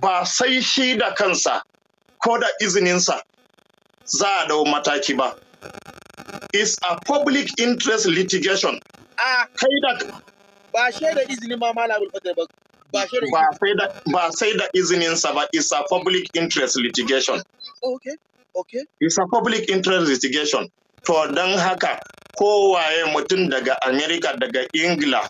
ba sai shi da kansa ko da izininsa za a dau mataki ba. Is a public interest litigation. A kai da ba sai da izinin ma malamin ba. Ba sai da izininsa ba, is a public interest litigation. Okay, okay. Is a public interest litigation. To don haka kowaye mutum daga Amerika daga Ingila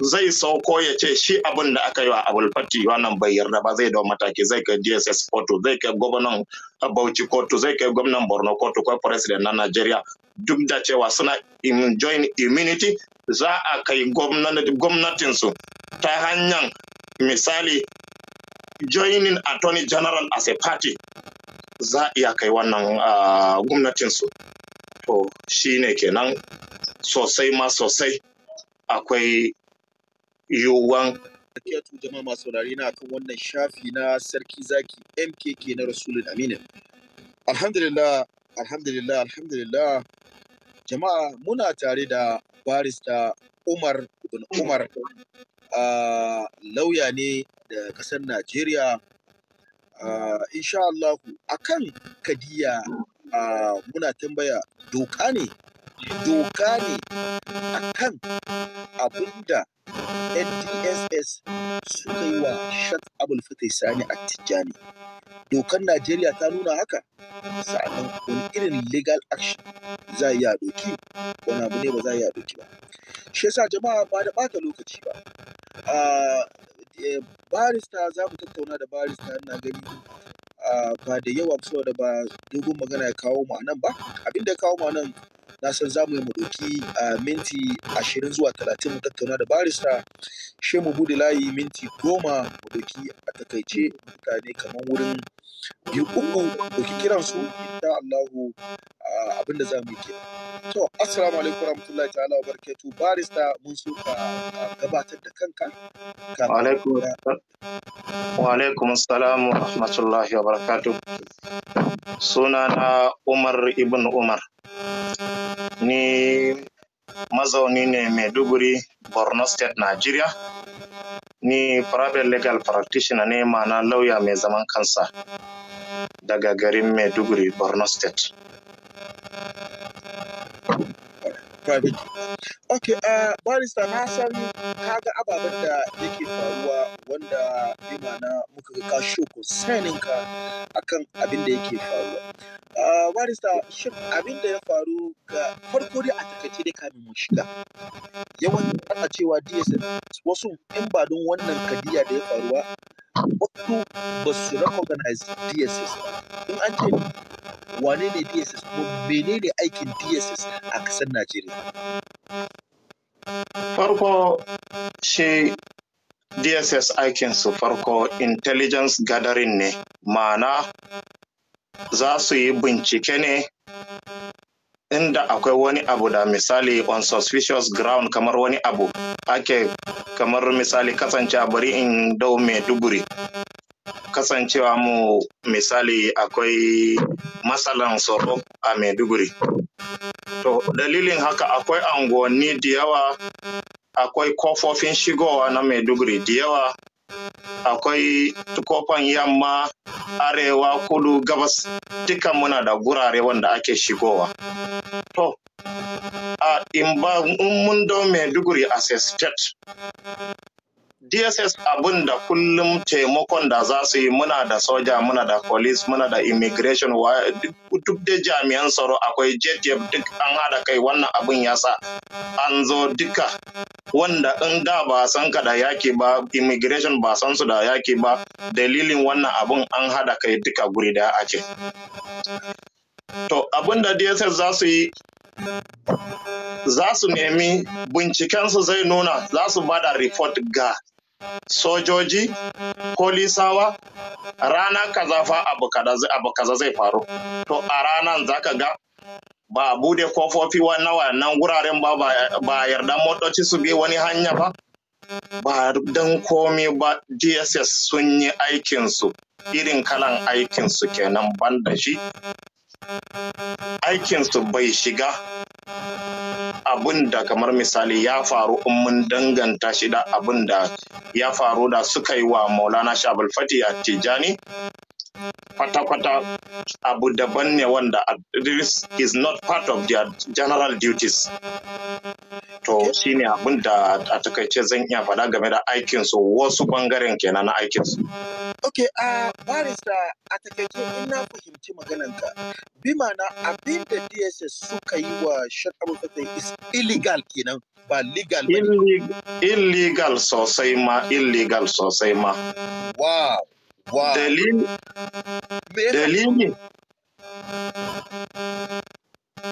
zai sauko ya ce shi abin da aka yi wa abul fati wannan bai yarda ba zai dau mataki zai kai dss kotu zai kai gwamnan bauchi kotu zai kai gwamnan borno kotu ko president na nigeria duk da cewa suna join immunity za a kai gwamnatinsu ta hanyar misali joining attorney general as a party za a iya kai wannan gwamnatinsu to shi kenan sosai ma sosai akwai yiwuwan Kiyatu jama'a masu saurari na kan wannan shafi na sarki zaki MKK na Rasulun Aminu. Alhamdulillah, alhamdulillah, alhamdulillah. Jama'a muna tare da barista Umar bin Umar a lauya ne da ƙasar Najeriya. Uh, insha Allah akan kadiya a muna tambaya doka ne doka ne kan abinda ntss suka yi wa shak abul fatai sani a tijjani dokar najeriya ta nuna haka sa'annan wani irin legal action za a yi a doki wani abu ne ba za a yi a doki ba shi yasa jama'a ba da ɓata lokaci ba e, barista za mu tattauna da barista na gani ba da yawa saboda ba dogon magana ya kawo mu nan ba da ya kawo mu nan na san za mu yi mu ɗauki ah, minti ashirin zuwa talatin mu tattauna da barista shi mu bude layi minti goma mu ɗauki a takaice mutane kamar wurin biyu uku ɗauki kiran su insha Allahu ah, abin da za mu yi ke. To assalamu alaikum rahmatullahi ta'ala wa barakatuh barista mun so ka ah, gabatar da kanka. Wa alaikum assalam wa rahmatullahi wa Suna Sunana Umar ibn Umar. ni mazauni ne maiduguri borno state nigeria ni private legal practitioner ne ma'ana lauya mai zaman kansa daga garin maiduguri borno state Okay, uh, barista na san kaga ababen da yake faruwa wanda imana muka ga ka sho concerning ka akan abin da yake faruwa ah, barista shin abin da ya faru ga farko dai a takaice dai kamin mu shiga yawan ana cewa DSS wasu in ba don wannan kadiya da ya faruwa wato ba su recognize DSS in an ce wane ne DSS kuma menene aikin DSS a kasar Najeriya farko shi dss aikinsu farko intelligence gathering ne ma'ana za su yi bincike ne inda akwai wani abu da misali on suspicious ground kamar wani abu ake kamar misali kasance a bari in dau maiduguri kasancewa mu misali akwai matsalan tsoro a maiduguri To, dalilin haka akwai anguwanni da yawa, akwai kofofin shigowa na Maiduguri da yawa, akwai kofan yamma, arewa, kudu, gabas, duka muna da gurare wanda ake shigowa. To, a in ba mun don Maiduguri as a state, DSS abin da kullum taimakon da za su yi muna da soja muna da police muna da immigration duk da jami'an tsaro akwai JTF duk an hada kai wannan abin ya sa an zo duka wanda in da ba san ka da yaki ba immigration ba san su da yaki ba dalilin wannan abun an hada kai duka guri da ce. To abin da DSS za su yi za su nemi bincikensu zai nuna za su bada report ga sojoji ko lisawa rana kaza fa abu kaza zai faru to a ranan zaka ga ba a bude kofofi na wannan wuraren ba ba yarda motoci su bi wani hanya ba ba don komi ba dss sun yi aikinsu irin kalan aikinsu kenan ban da shi aikinsu bai shiga abin da kamar misali ya faru in mun danganta shi da abin da ya faru da suka yi wa maulana shabal fati a tijani kwata-kwata abu daban ne wanda this is not part of their general duties to shi ne abin da a takaice zan iya faɗa game da aikinsu wasu bangaren kenan na aikinsu Ok, a uh, barista a takaice ah, in na ah. fahimci maganarka? bi mana abin da DSS suka yi wa Shek Abu Fatai is illegal kenan ba legal ba. Illegal, sosai ma, illegal sosai ma. Wow, wow. Dalili,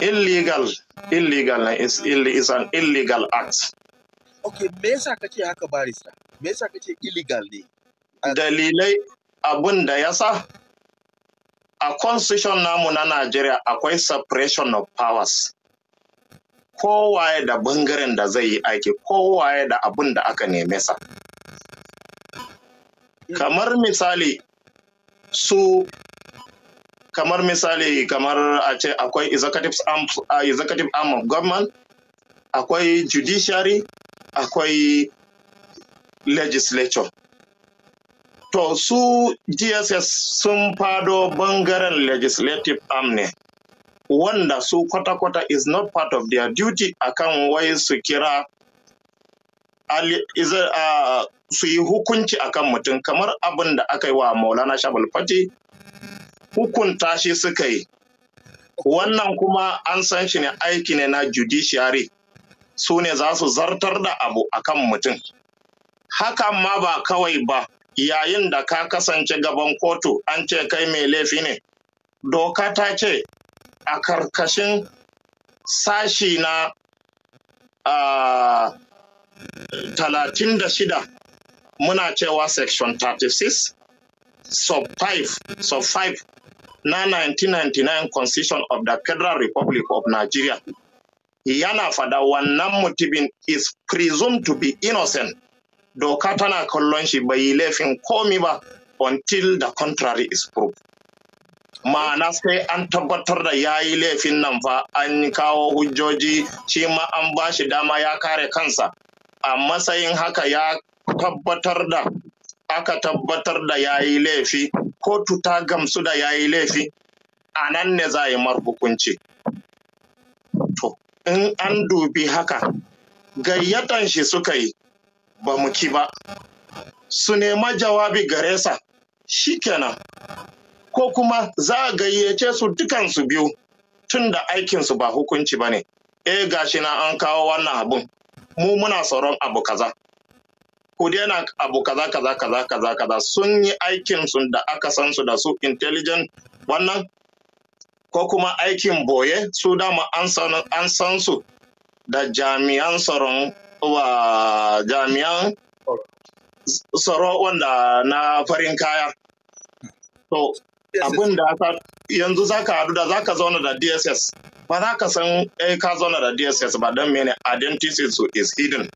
Illegal, illegal is, is an illegal act. Ok, me yasa kace haka barista? Me yasa kace illegal ne? dalilai abin da ya sa a constitution namu na Najeriya akwai separation of powers. Kowaye da bangaren da zai yi aiki, kowaye da abin da aka neme sa. Kamar misali su kamar misali kamar a ce akwai executive arm, uh, executive arm of government, akwai judiciary, akwai legislature. To su GSS sun fado bangaren legislative arm ne, wanda su kwata-kwata is not part of their duty akan wai su kira uh, su yi hukunci akan mutum kamar abin da aka yi wa Maulana Shabal Fati hukunta shi suka yi. Wannan kuma an san shi ne aiki ne na judiciary su ne za su zartar da abu akan mutum. Hakan ma ba kawai ba. yayin da ka kasance gaban kotu an ce kai mai laifi ne doka ta ce a karkashin sashi na talatin da shida muna cewa section 36 sub 5 sub 5 na 1999 constitution of the federal republic of nigeria yana fada wannan mutumin is presumed to be innocent doka tana kallon shi bai yi laifin komi ba until the contrary is proved ma'ana sai an tabbatar da ya yi laifin nan fa an kawo hujjoji shi ma an ba shi dama ya kare kansa a matsayin haka ya tabbatar da aka tabbatar da ya yi laifi ko ta gamsu da ya yi laifi a nan ne za a yi hukunci to in an dubi haka gayyatan shi suka yi ba mu ci ba su nema jawabi gare sa kenan ko kuma za a gayyace su dukansu biyu tun da aikinsu ba hukunci ba ne eh gashi na an kawo wannan abun mu muna tsaron abu kaza ku daina abu kaza kaza kaza kaza kaza sun yi aikinsu da aka san su da su intelligent wannan ko kuma aikin boye su dama an san su da jami'an tsaron wa jami'an tsaro wanda na farin kaya. To, abin da yanzu za ka haɗu da za ka zauna da DSS, ba za ka san eh ka zauna da DSS ba don mene identity so is hidden.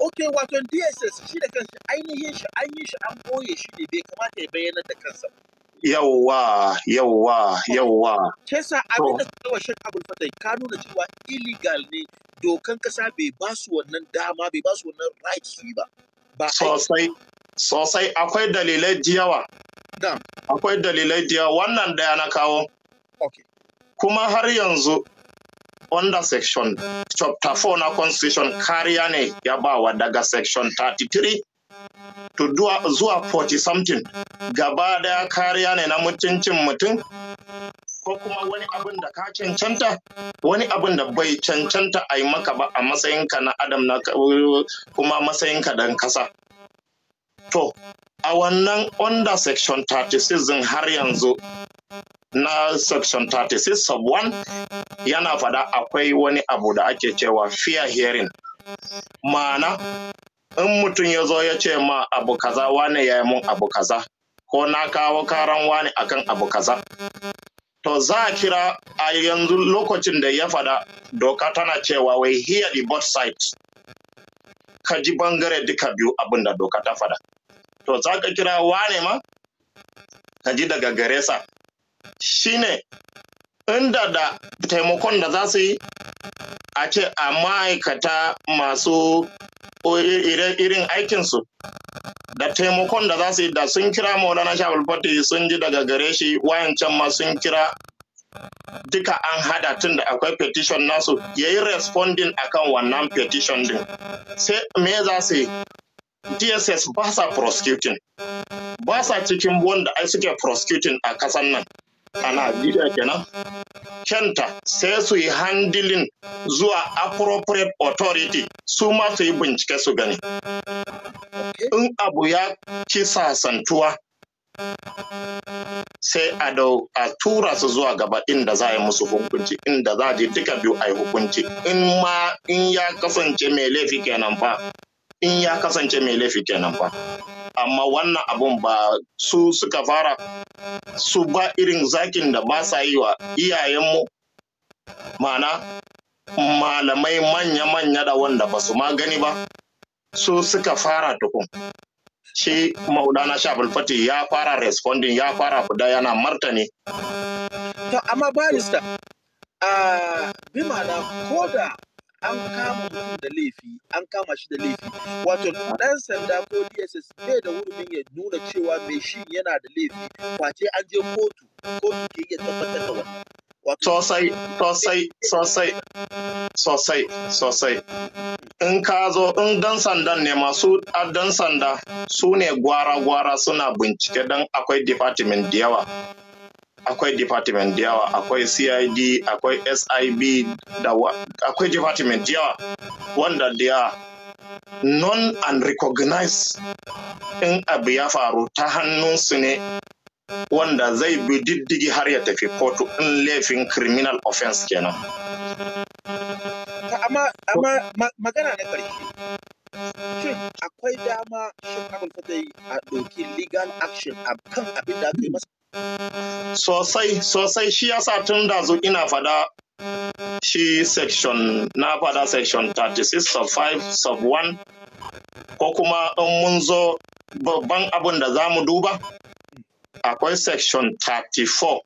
Ok, wato DSS shi da kansa ainihin shi an yi shi an boye shi ne bai kamata ya bayyana da kansa. Yawwa, yawwa, yawwa. Kesa abin da kawo shan abul fatai ka nuna cewa illegal ne dokan kasa bai ba su wannan dama bai ba su wannan su ba ba sosai sosai akwai dalilai da yawa akwai dalilai da yawa wannan daya na kawo kuma har yanzu under section chapter 4 na constitution kariya ne ya bawa daga section 33 to zuwa 40 something gaba daya kariya ne na mutuncin mutum ko kuma wani abin da ka cancanta wani abin da bai cancanta a yi maka ba a matsayinka na adam na kuma matsayinka dan kasa to a wannan under section 36 har yanzu na section 36 sub 1 yana fada akwai wani abu da ake cewa fear hearing ma'ana in mutum ya zo ya ce ma abu kaza wane ya yi mun abu kaza ko na kawo karan wani akan abu kaza to za a kira a yanzu lokacin da ya fada doka tana cewa wai hear the both sides ka ji bangare duka biyu abin da doka ta fada to za ka kira wane ma ka ji daga gare sa shine inda da taimakon da za su yi a ce a ma'aikata masu irin aikinsu da taimakon da za su yi da sun kira maulana sha fati sun ji daga gare shi wayancan ma sun kira duka an hada tun da akwai petition nasu ya yi responding akan wannan petition din sai me za su yi dss ba sa prosecuting ba sa cikin wanda ai suke prosecuting a kasan nan a Najeriya kenan kyanta sai su yi handilin zuwa appropriate authority su ma su yi bincike su gani in abu ya kisa sasantuwa sai a dau a tura su zuwa gaba inda za a yi musu hukunci inda za a je duka biyu a yi hukunci in ma in ya kasance mai laifi kenan fa in ya kasance mai laifi kenan fa amma wannan abun ba su suka fara su ba irin zakin da ba sa yi wa iyayenmu mana malamai manya-manya da wanda ba su ma gani ba su suka fara tukun shi maudana shabul fati ya fara responding ya fara fida yana martani to amma barista a ah, bi mana ko da an kama mutum da laifi an kama shi da laifi wato dan sanda ko dss bai da hurumin ya nuna cewa mai shi yana da laifi kwace an je kotu kotu ke iya tabbatar da wannan sosai sosai sosai sosai sosai in ka zo in dan sandan ne masu dan sanda su ne gwara-gwara suna bincike don akwai department da yawa akwai department da yawa akwai cid akwai sib da akwai department da yawa wanda da non and recognize in abu ya faru ta hannunsu ne wanda zai bi diddigi har ya tafi kotu in laifin criminal offense kenan. amma amma magana na ƙarshe shin akwai dama shi abin da a ɗauki legal action a kan abin da aka yi masa Sosai, sosai shi yasa tun da zo ina fada shi section na fada section 36 sub 5 sub 1 ko kuma in mun zo babban abin da za mu duba akwai section 34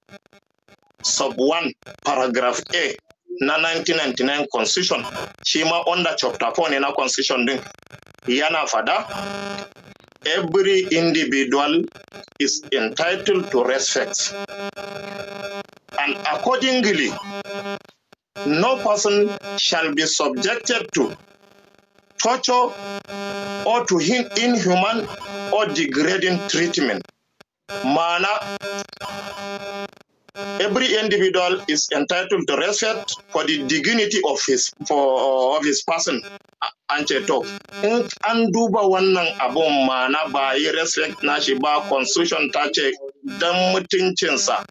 sub 1 paragraph a na 1999 constitution shi ma under chapter 4 ne na constitution din yana fada every individual is entitled to respect. And accordingly, no person shall be subjected to torture or to inhuman or degrading treatment. Mana, every individual is entitled to respect for the dignity of his, for, of his person an ce to in an duba wannan abun ma na ba yi respect shi ba constitution ta ce don mutuncinsa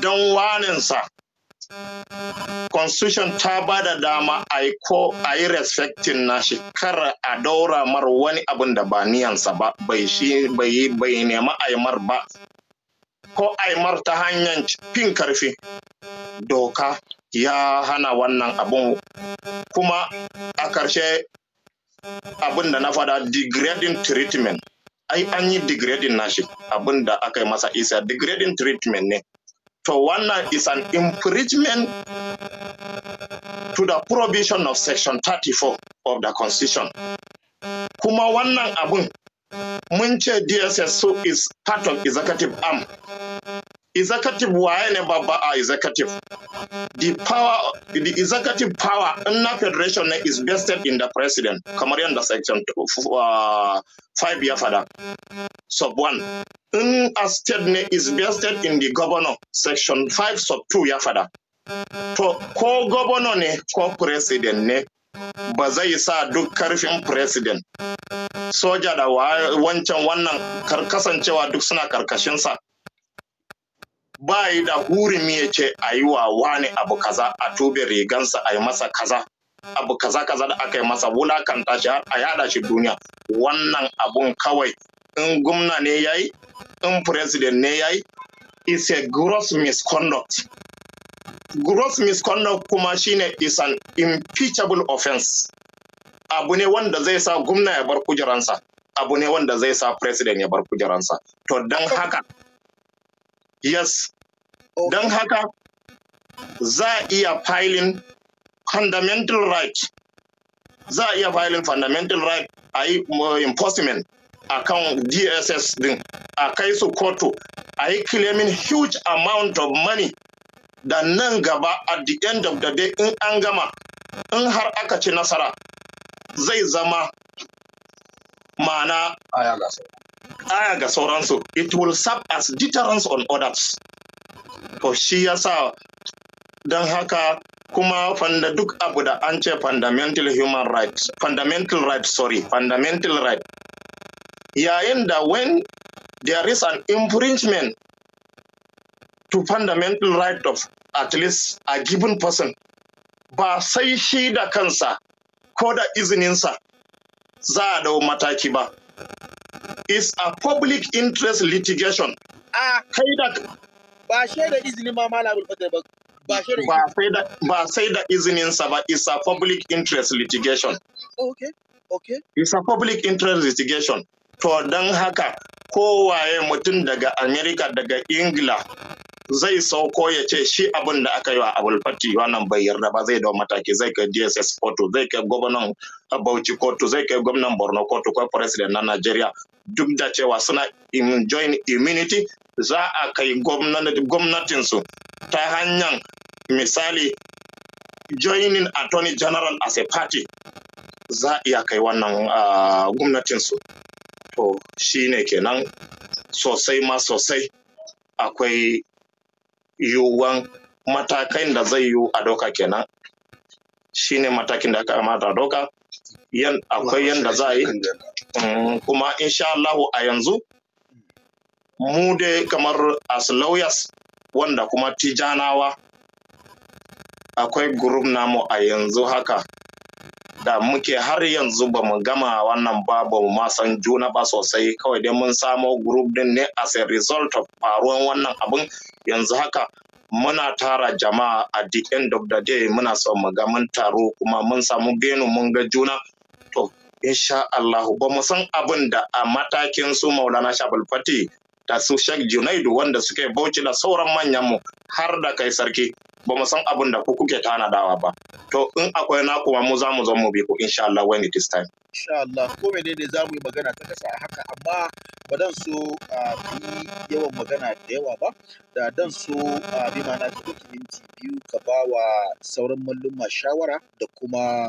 don waninsa constitution ta ba da dama a yi ko a yi respectin nashi kar a daura mar wani abun da ba niyansa ba bai shi bai bai nema aimar ba ko aimar ta hanyar fin karfi doka ya hana wannan abun kuma a ƙarshe abin da na fada degrading treatment ai an yi degrading nashi abin da aka yi masa isa degrading treatment ne to wannan is an infringement to the provision of section 34 of the constitution kuma wannan abin mun ce dss so is part of executive arm executive waye ne babba a executive the power, the executive power in na federation is vested in the president, kamar yadda section uh, 5 ya fada. Sub 1. In a state is vested in the governor, section 5 sub 2 ya fada. To, ko governor ne ko president ne, ba zai sa duk karfin president. Soja da wancan wannan kasancewa duk suna karkashinsa. ba yi da hurumi ya ce a yi wa wani abu kaza a tube rigansa a yi masa kaza abu kaza kaza da aka yi masa wulakanta shi har a yada shi duniya wannan abun kawai in gumna ne ya yi in president ne ya yi is a gross misconduct gross misconduct kuma shine is an impeachable offense abu ne wanda zai sa gwamna ya bar kujeransa abu ne wanda zai sa president ya bar kujeransa to don haka yes okay. don haka za a iya filin fundamental right za a iya filin fundamental right a yi um, enforcement a kan dss din a kai su kotu a yi claiming huge amount of money da nan gaba at the end of the day in an gama in har aka ci nasara zai zama ma'ana aya ga sauransu it will serve as deterrence on others to shi yasa don haka kuma fanda duk abu da an ce fundamental human rights fundamental rights sorry fundamental right yayin da when there is an infringement to fundamental right of at least a given person ba sai shi da kansa ko da izininsa za a dau mataki ba is a public interest litigation. A kai da ba shaida izinin ma fadar ba. Ba sai da izininsa ba, is a public interest litigation. Okay, okay. It's a public interest litigation. To don haka kowaye mutum daga Amerika daga Ingila zai sauko ya ce shi abin da aka yi wa abul fati wannan bai yarda ba zai dau mataki zai kai dss kotu zai kai gwamnan bauchi kotu zai kai gwamnan borno kotu ko president na nigeria duk da cewa suna join immunity za a kai gwamnatinsu ta hanyar misali joining attorney general as a party za a iya kai wannan gwamnatinsu to shi kenan sosai ma sosai akwai yiwuwan matakan da zai yiwu a doka kenan shi ne matakin da aka amata doka akwai yadda za a yi mm, kuma insha Allah a yanzu mu dai kamar as lawyers wanda kuma tijanawa akwai group namu a yanzu haka da muke har yanzu ba mu gama wannan ba ba mu san juna ba sosai kawai dai mun samo group din ne as a result of faruwan wannan abun yanzu haka muna tara jama'a a the end of the day muna son mu ga mun taro kuma mun samu benu mun ga juna to insha Allah ba mu san abin da a matakin su Maulana Shabul Fati da su Sheikh Junaidu wanda suke bauchi da sauran manyanmu har da kai sarki ba mu san abin da ku kuke tanadawa ba to in akwai na kuma mu za mu zo mu bi ku insha Allah when it is time insha Allah ko menene za mu yi magana ta kasa haka amma ba dan so yi yawan magana da yawa ba da dan so bi mana ta minti biyu ka ba wa sauran malluma shawara da kuma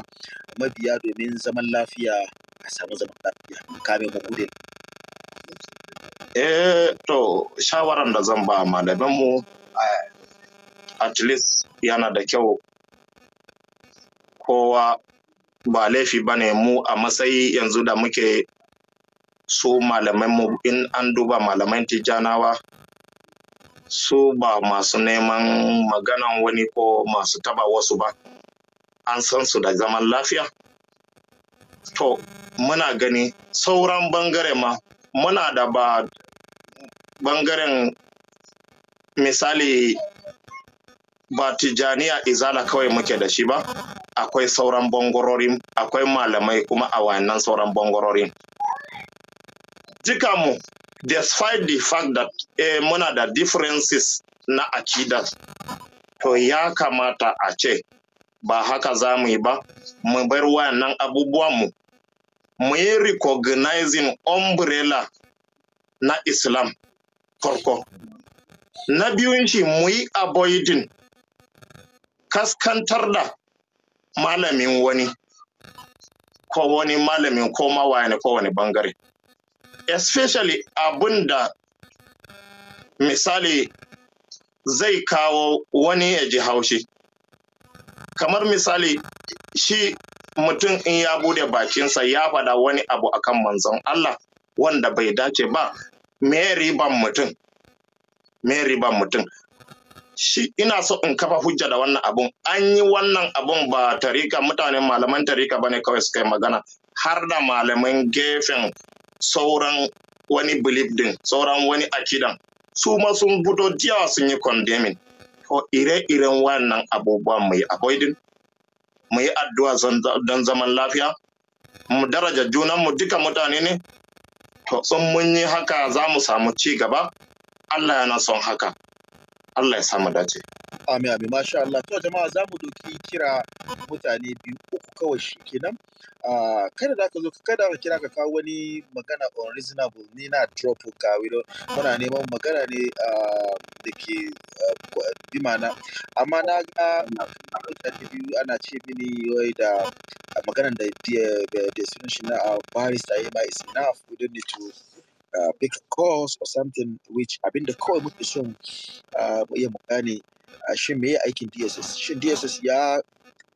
mabiya domin zaman lafiya a samu zaman lafiya kame mu gode eh to shawaran da zan ba malamin mu at least yana da kyau kowa ba laifi ba ne mu a matsayi yanzu da muke su malamai mu in an duba malaman tijjanawa su ba masu neman maganan wani ko masu taba wasu ba an san su da zaman lafiya to muna gani sauran bangare ma muna da ba bangaren misali ba tijaniya izala kawai muke da shi ba akwai sauran bangororin akwai malamai kuma a wayannan sauran bangororin mu despite the fact that eh, muna da differences na akidas to ya kamata a ce ba haka za mu yi ba mu bar wayannan abubuwanmu mu yi recognizing umbrella na islam farko na biyun shi mu yi avoiding kaskantar da malamin wani ko wani malamin ko ne ko wani bangare especially abin da misali zai kawo wani ya ji haushi kamar misali shi mutum in ya bude bakinsa ya faɗa wani abu akan manzon Allah wanda bai dace ba me riban mutum me riban mutum shi ina so in kafa hujja da wannan abun an yi wannan abun ba tarika mutanen malaman tarika ba ne kawai suka yi magana har da malaman gefen sauran wani belief din sauran wani akidan su ma sun fito jiya sun yi condemning to ire-iren wannan abubuwan mai avoiding mu yi addu'a don zaman lafiya mu daraja mu duka mutane ne to sun mun yi haka za mu samu ci gaba Allah yana son haka Allah ya samu dace amin amin masha Allah to jama'a za mu doki kira mutane biyu uku kawai shi kenan ah, kada da ka zo kada ka kira ka kawo wani magana unreasonable ni na drop ka wilo muna neman magana ne ah, da ke ah, bi mana amma na ga mutane biyu ana ce mini wai da maganan da da sunan shi na barista ya ma is enough we don't need to Uh, pick a course or something which abinda kawai muke son uh, mu iya mu gane uh, shin me aikin DSS shin DSS ya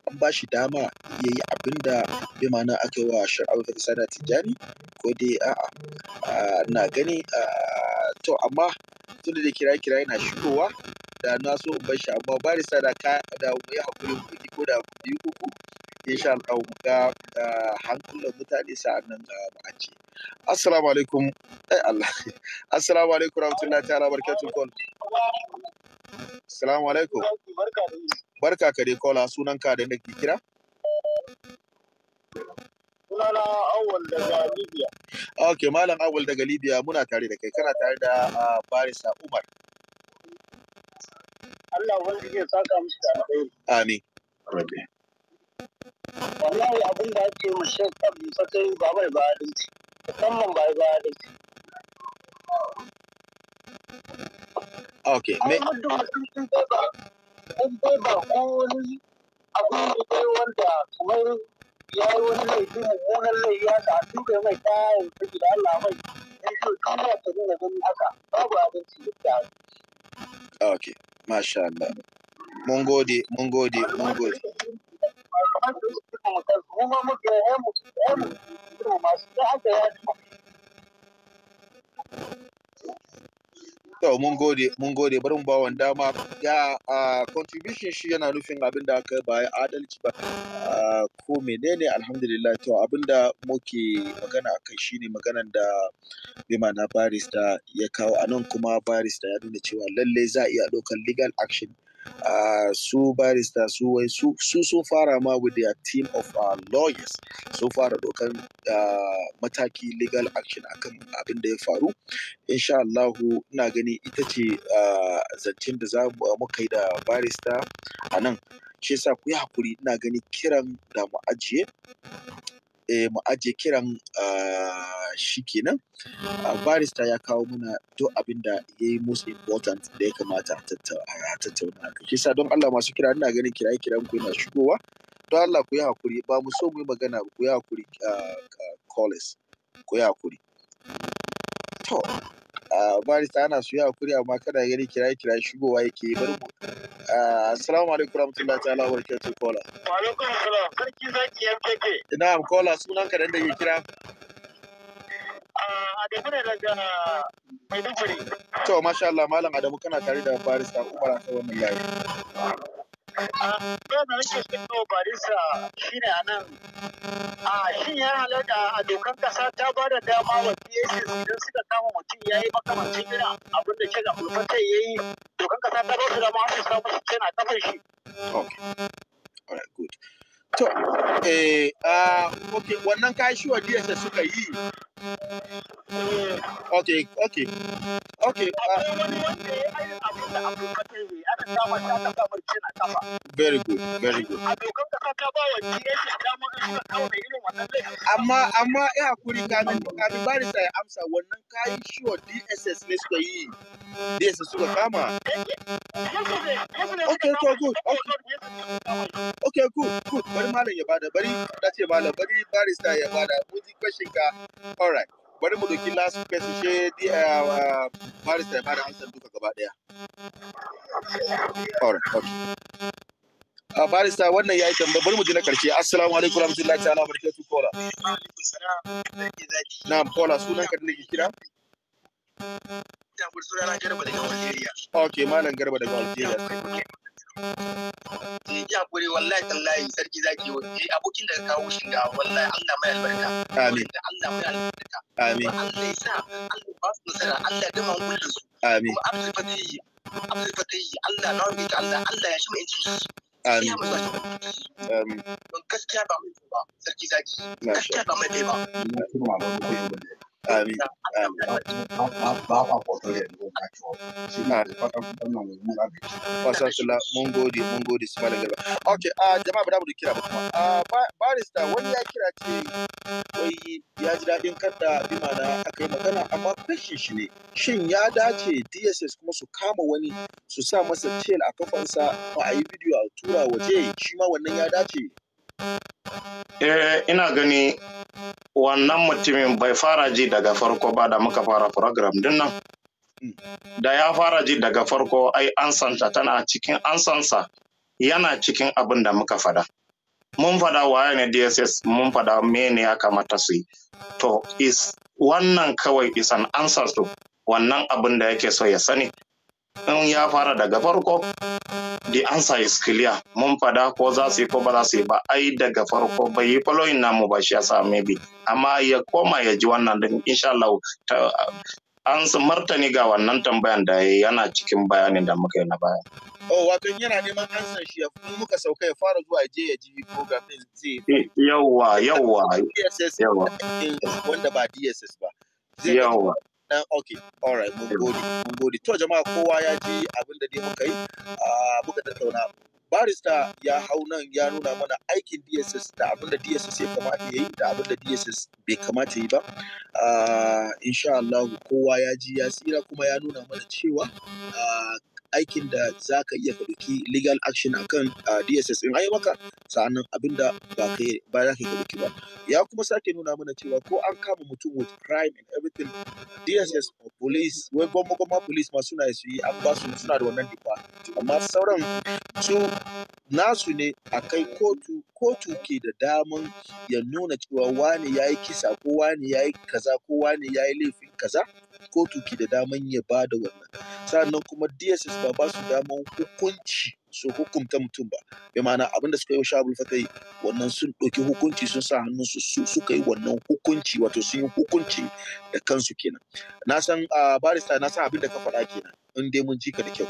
an ba dama ya yi abin da bi ma'ana aka yi wa shari'ar sada tijjani ko dai a'a na gani to amma tun da kira kira yana shigowa da na so in bar shi amma ba da sada ka da mu yi hakuri kuɗi ko da biyu uku insha Allah mu ga hankulan mutane sa'annan ga mu assalamu alaikum ai Allah assalamu alaikum rahmatullahi ta'ala barkatu kon assalamu alaikum barka ka dai kola sunan ka da nake kira sunana awal daga libya okay malam awal daga libya muna tare da kai kana tare da ah, barisa umar Allah wani zai saka musu da alheri amin wallahi abin da ake mu shekar da sakai ba bai ba adalci musamman ba ba da shi. Ok, me... In dai ba ko wani abin da wanda kamar ya yi wani laifi mummunan laifi tuka mai kayan su gida Allah mai so ta nuna haka babu abinci da masha Allah. Mun gode, mun gode, mun gode. girmama kansu mu ma mu su mu su ya mun gode mun gode bari mu bawon dama ya a contribution shi yana nufin abin da aka ba adalci ba ko menene alhamdulillah to abin da muke magana akai shine maganan da bima na barista ya kawo anan kuma barista ya nuna cewa lalle za a iya ɗaukar legal action su barista su wai su sun fara ma with their team of uh, lawyers sun fara dokan uh, mataki legal action akan abin da ya faru insha Allahu ina gani ita ce uh, zancen da za mu yi da barista a nan shi yasa ku yi hakuri ina gani kiran da mu ajiye eh, mu ajiye kiran ah, shi kenan ah, barista ya kawo mana duk abin da ya yi most important da ya kamata a tattauna shi don Allah masu kira ina ganin kiraye kiran ku yana shigowa don Allah ku yi hakuri ba mu so mu yi magana ku yi hakuri ah, callers ku yi hakuri to barista ana su yi hakuri amma kana gani kiraye-kiraye, shigowa yake yi barbu assalamu alaikum rahmatullahi ta'ala wa barakatuh kola wa alaikum assalam sarki zaki yan keke ina kola sunan ka dan da ke kira Adamu ne daga Maiduguri. To, masha Allah, Malam Adamu kana tare da barista Umar a wannan layi. Ɗaya da nake fito barista shi ne a nan. A shi ya halatta a dokan ƙasa ta ba da dama wa DSS idan suka kama mutum ya yi makamancin gina abin da kira mulfata ya yi dokan ƙasa ta ba su dama su samu su kena kafin shi. Okay. good. To, eh, ah, okay, wannan kashi wa DSS suka yi. Okay, okay, okay. Very good, very good. Amma, amma ya hakuri kamin kamin bari sai amsa wannan kayi shiwa DSS ne suka yi. DSS suka kama. good. good, good. bari malam ya bada bari na ce malam bari barista ya bada mun ji question ka all right bari mu doki last question she di eh, eh, barista ya bada answer duka gaba daya all right okay a ah, barista wannan yayi tambaya bari mu ji na karshe assalamu alaikum warahmatullahi ta'ala wabarakatuh kola na'am kola sunan ka da kira Ok, Malam Garba daga Algeria. Ki yi hakuri wallahi tallahi sarki abokin da kawo shi wallahi Allah mai albarka. Amin. Allah mai albarka. Amin. Allah ya sa Allah ba su nasara Allah su. Amin. Kuma Allah na wani ta Allah Allah ya su. Amin. Amin. Gaskiya ba mai ba sarki Gaskiya ba mai ba. Amin. Ba ba da yanzu ah, ka wani ah, ya kira ce wai ya ji daɗin kadda bi aka yi magana amma kashin shi ne. Shin ya dace DSS kuma su kama wani su sa masa cel a kafansa a yi bidiyo a tura waje shi ma wannan ya dace. Eh, ina gani wannan mutumin bai fara ji daga farko ba da muka fara program din nan. Da ya fara ji daga farko ai ansanta tana cikin ansansa yana cikin abin da muka fada. Mun fada waye ne DSS mun fada mene ya kamata su yi. To, is wannan kawai isan ansa su to wannan abin da yake so ya sani. in ya fara daga farko the answer is clear mun fada ko za su yi ko ba za su yi ba ai daga farko bai yi following namu ba shi yasa maybe amma ya koma ya ji wannan din insha Allah an su martani ga wannan tambayan da ya yana cikin bayanin da muka yi na baya. Oh, wato yana neman ansan shi ya muka sauka ya fara zuwa je ya ji ko ga zai. Yawwa, yawwa. yawwa. Wanda ba DSS ba. Yawwa. ɗan okay right mun gode mun gode to jama'a kowa ya ji abin da dai muka yi muka tattauna barista ya hau nan ya nuna mana aikin dss da abin da dss ya kamata ya yi da abin da dss bai kamata yi ba insha Allah kowa ya ji ya tsira kuma ya nuna mana cewa aikin da za ka iya ɗauki legal action akan dss in ai maka sa'annan abin da ba za ka ɗauki ba ya kuma sake nuna mana cewa ko an kama mutum with crime and everything dss or police wai gwamma gwamma police ma suna su yi an ba su suna da wannan dipa amma sauran su nasu ne a kai kotu kotu ke da daman ya nuna cewa wani ya yi kisa ko wani ya yi kaza ko wani ya yi laifin kaza kotu ke da daman ya ba da wannan sannan kuma dss ba ba su daman hukunci su hukunta mutum ba bi ma'ana abinda suka yi sha abul yi wannan sun ɗauki hukunci sun sa hannun su suka yi wannan hukunci wato sun yi hukunci da kansu kenan na san ah, barista na san abin da ka faɗa kenan in dai mun ji ka da kyau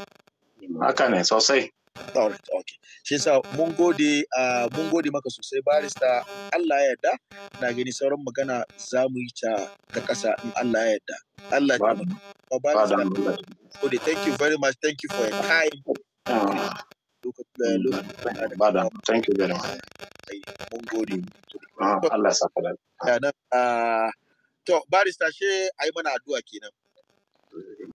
haka ne sosai Okay. Shi yasa mun gode ah, mun gode maka sosai barista Allah ya yarda na gani sauran magana za mu yi ta ta kasa in Allah ya yarda. Allah ya Ba Barista gode thank you very much thank you for your time. Bada, ah. eh, mm. thank you very much. Mun gode. Ah, Allah ya saka da. To, barista she a yi mana addu'a kenan.